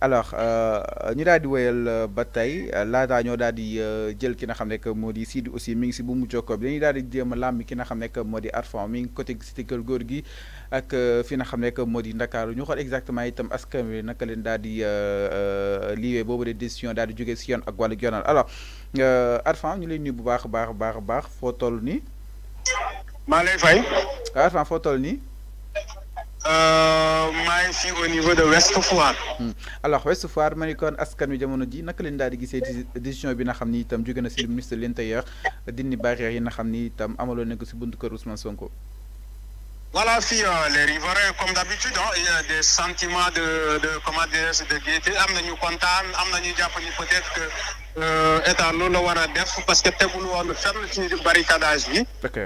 alors euh, ñu daal di woyal euh, bataille. tey euh, laataa ñoo daal di jël ki nga xam ne que aussi mi ngi si bu mu bi dañuy daal di a ki nga xam ne Arfan mi ngi côté cité Góor ak fi nga xam ne exactement itam askan wi daal di de décision daal di alors Arfan ñu lay nuyu bu baax a baax baax toll lay fay. Euh, maa ngi fii au niveau de West Foire. Hmm. alors West Foire ma ne kon askan wi jamono ji naka leen daal di gisee décision bi na xam ni itam jóge na si le ministre de l'intérieur dindi barrière yi na xam ni itam amaloo na ko si buntu kër Ousmane Sonko. Voilà, euh, les riverains, comme d'habitude, hein, il y a des sentiments de, de comment dire, de gaieté. Amnañu kontaan, amnañu peut-être que euh, état loolu la war a def parce que être voulu faire ci barricadage bi.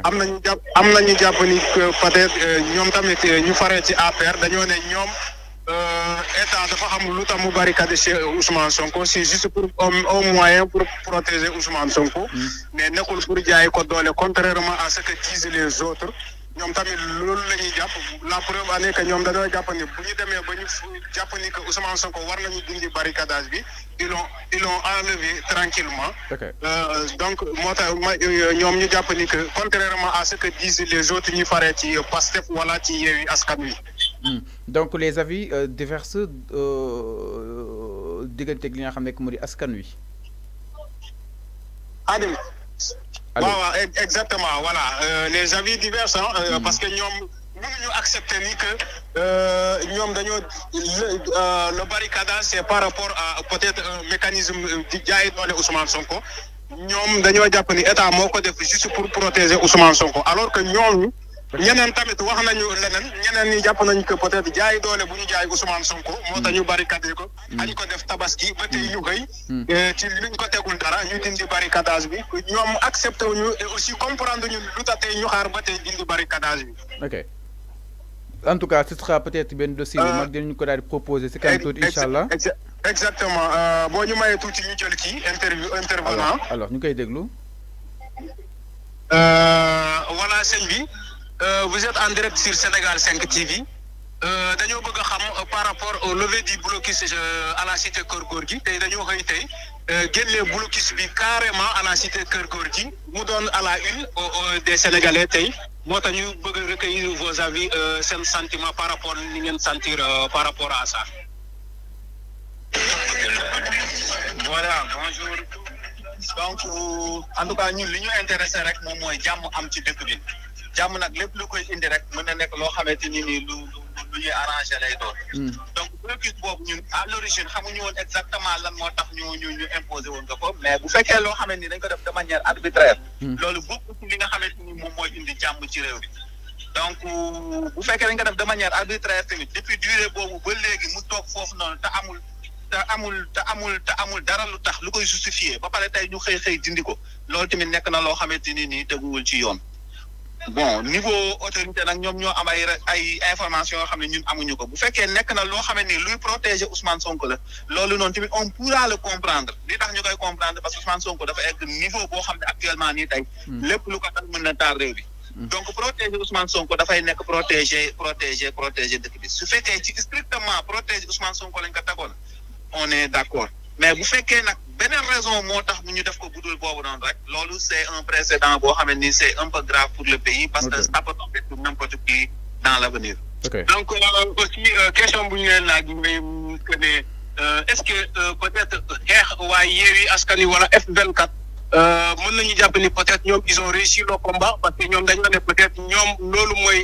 am que peut-être euh, ñoom tamit ñu faree ci APR dañoo ne ñoom état dafa xam lu tax chez Ousmane Sonko c'est juste pour un moyen pour protéger Ousmane Sonko. Mm. mais nekkul pour jaay ko contrairement à ce que disent les autres ñom tamit loolu lañuy japp la preuve année que ñoom dañoo japp ni bu ñu demee ba ñu jàpp ni que Ousmane Sonko war nañu dindi barricadage bi ils l'ont ils ont enlevé tranquillement euh, donc moo tax ma euh, ñoom ñu japp ni que contrairement à ce que disent les autres ñu faré ci Pastef wala ci Yewwi Askan Wi hmm. donc les avis divers euh, euh digënté li nga xamné ko que askan wi adem exactement voilà euh, les avis divers hein, euh, hmm. parce que nous acceptons accepter ni que euh, le barricade c'est par rapport à peut-être un mécanisme di jaay doole Ousmane Sonko ñoom dañoo jàpp ni état moo ko def juste pour protéger Ousmane Sonko alors que nous ñeneen tamit wax nañu leneen ñeneen ñi jàpp nañ que peut-être jaay doole bu ñu jaay Ousmane Sonko. moo tax ñu barricadé ko. Mm. añ ko def tabaski ba tey ñu koy. Mm. Euh, ci liñ ko tegul dara ñu dindi barricadage bi ñoom accepté wu ñu et aussi comprendre ñu lu tax tey ñu xaar ba tey dindi barricadage bi. ok en tout cas ce sera peut-être benn dossier bu euh, mag dinañu ko daal di proposé si kanam tuuti incha allah. exactement euh, boo ñu mayee tuuti ñu jël kii interview intervenant. alors ñu koy déglu. voilà bi. Euh, vous êtes en direct sur Sénégal 5 TV. Euh, dañoo bëgg euh, par rapport au levée du blocus à la cité Keur Gorgui tey dañoo xëy tey génne blocus carrément à la cité Keur Gorgui mu à la une des Sénégalais tey moo tax ñu recueillir vos avis vos sentiment par rapport ni sentir par rapport à ça. voilà bonjour donc en tout cas nous li ñu intéressé rek nous avons un am ci de jàmm nag lépp lu koy indi rek mën na nekk loo xamante ni nii lu lu lu arrangé lay doon. Hmm. donc blocus boobu ñun à l'origine xamuñu woon exactement lan moo tax ñu ñu ñu imposé woon ko ko mais bu fekkee loo xamante ni dañ ko def de manière arbitraire. Hmm. loolu bokk ci li nga xamante ni moom mooy indi jàmm ci réew mi. donc bu fekkee dañ ko def de manière arbitraire tamit depuis durée boobu ba léegi mu toog foofu noonu te amul. te amul te amul te amul dara lu tax lu koy justifié ba pare tey ñu xëy xëy dindi ko loolu tamit nekk na loo xamante ni nii teguwul ci yoon. bon niveau autorité nak ñom ñoo am ay ay information xamné ñun amuñu ko bu fekkee nek na lo xamné ne luy protéger Ousmane Sonko la lolu non tamit on pourra le comprendre li tax ñukay comprendre parce que Ousmane Sonko dafa egg niveau bo xamné actuellement ni tay hmm. lepp lu ko tax mën na taal réew bi hmm. donc protéger Ousmane Sonko da fay nek protéger protéger protéger dëkk bi su fekkee ci strictement protéger Ousmane Sonko lañ ko tegoon on est d'accord mais bu fekkee nak beneen raison moo tax ñu def ko budul boobu noonu rek loolu c'est un précédent boo xam ni c'est un peu grave pour le pays parce que ça peut tomber sur n'importe qui dans l'avenir donc euh, aussi euh, question bu ñu leen laaj mooy que ne euh, est-ce que peut-être xeex waa Yewwi Askan Wi wala F24 mën nañu jàpp ni peut-être ñoom ils ont réussi le combat parce que ñoom dañu la peut-être ñoom loolu mooy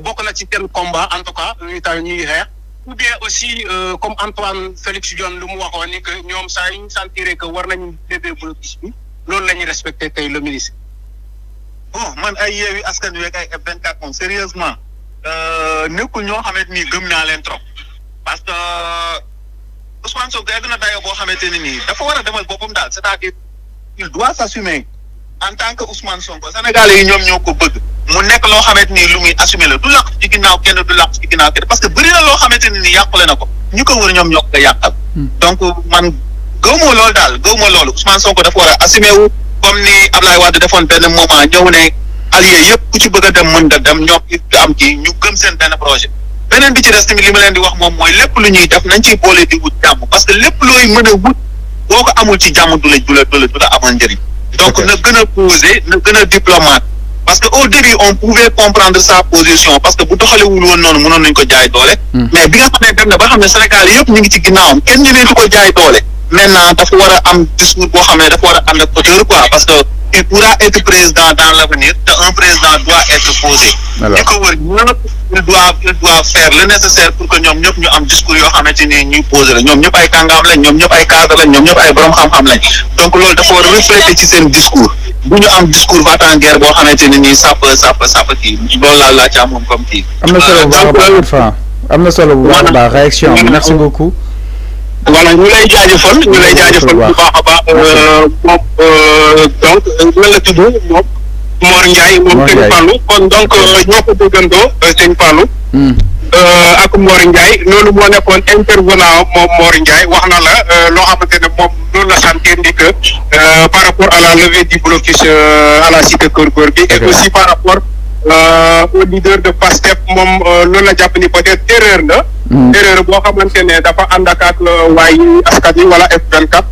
bokk na ci seen combat en tout cas ñuy tax ñuy xeex ou bien aussi euh, comme Antoine Félix Diome lu mu waxoon ni que ñoom saa yu ñu sentir que war nañu bébé blocus bi loolu la ñuy respecté tey le ministre. bon man ay Yewwi Askan Wi ak ay F24 moom sérieusement euh, nekkul ñoo xamante ni gëm naa leen trop parce que euh, Ousmane Sonko yegg na dayoo boo xamante ne nii dafa war a demal boppam daal c'est-à-dire il doit s'assumer en tant que Ousmane Sonko Sénégalais yi ñoom ñoo ko mu nekk loo xamante ni lu muy assumé la du làq ci ginnaaw kenn du làq ci ginnaaw kenn parce que bëri loo xamante ni yàqule na ko ñu ko wër ñoom ñoo ko yàqal. Hmm. donc man gëw ma loolu daal gëw ma loolu Ousmane Sonko dafa war a assumé wu comme ni Ablaye Wade defoon benn moment ñëw ne allié yëpp ku ci bëgg a dem mën nga dem ñoom it am ci ñu gëm seen benn projet. beneen bi ci des tamit li ma leen di wax moom mooy lépp lu ñuy def nañ ciy boole di wut jàmm parce que lépp looy mën a wut boo ko amul ci jàmm du la du la du la amal donc na gën a posé na gën a diplomate parce que au début on pouvait comprendre sa position parce que bu doxalewul woon noonu mënoon nañu ko jaay doole hmm. mais bi nga xam ne ba xam ne Sénégal yëpp ñu ngi ci ginnaawam kenn ñëwee du ko jaay doole maintenant dafa war a am discours boo xam ne dafa war a ànd ak hauteur quoi parce que il être président dans l'avenir te un président doit être posé ñi doit faire le nécessaire pour que ñoom ñëpp ñu am discours yoo xamante ni ñuy posé la ñoom ñëpp ay kàngaam lañ ñoom ñëpp ay cadre lañ ñoom ñëpp ay borom xam-xam lañ donc loolu dafa war a refléter ci seen discours bu ñu am discours va guerre boo xamante ni nii sàpp sàpp sàpp kii loolu laa laa ci amoon comme kii euh, am na solo bu baax a baax réaction merci beaucoup voilà ñu lay jaajëfal ñu lay jaajëfal bu baax baax euh, euh donc nan euh, la tudd mom Mor Ndiaye moom sëñ Fallou kon donc euh, ñoo ko déggandoo sëñ hmm. euh ak Mor Ndiaye lolu mo nekkoon intervenant mom Mor Ndiaye wax na la loo xamante ne moom loolu la santé ni que par rapport à la levée du blocus à la cité Keur bi et aussi par rapport euh au leader de PASTEF mom lolu la japp ni peut-être erreur la Mm. erreur boo xamante ne dafa ànd ak ak euh, waaye askan yi wala F24.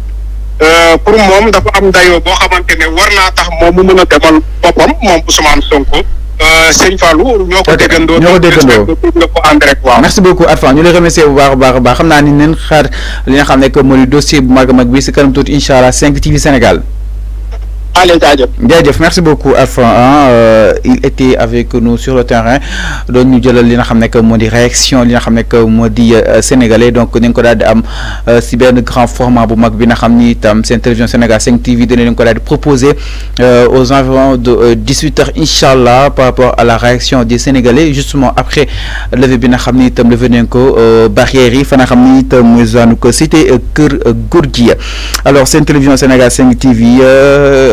Euh, pour moom dafa am dayoo boo xamante ne war naa tax moom mu mën a demal boppam moom Ousmane Sonko. Euh, sëñ Fallou ñoo ko déggandoo ñoo ko déggandoo nga ko ànd merci beaucoup Arfan ñu lay remercier bu baax a baax baax xam naa ni neen xaar li nga xam ne que moo di dossier bu mag a mag bi si kanam tuuti incha allah 5 TV Sénégal. merci beaucoup hein, euh, il était avec nous sur le terrain Donc nous allons réaction euh, sénégalais donc nous euh, si grand format bu mag bi Sénégal 5 TV Nous avons aux environs de 18 h Inshallah, par rapport à la réaction des sénégalais justement après le bi nous avons alors télévision Sénégal 5 TV.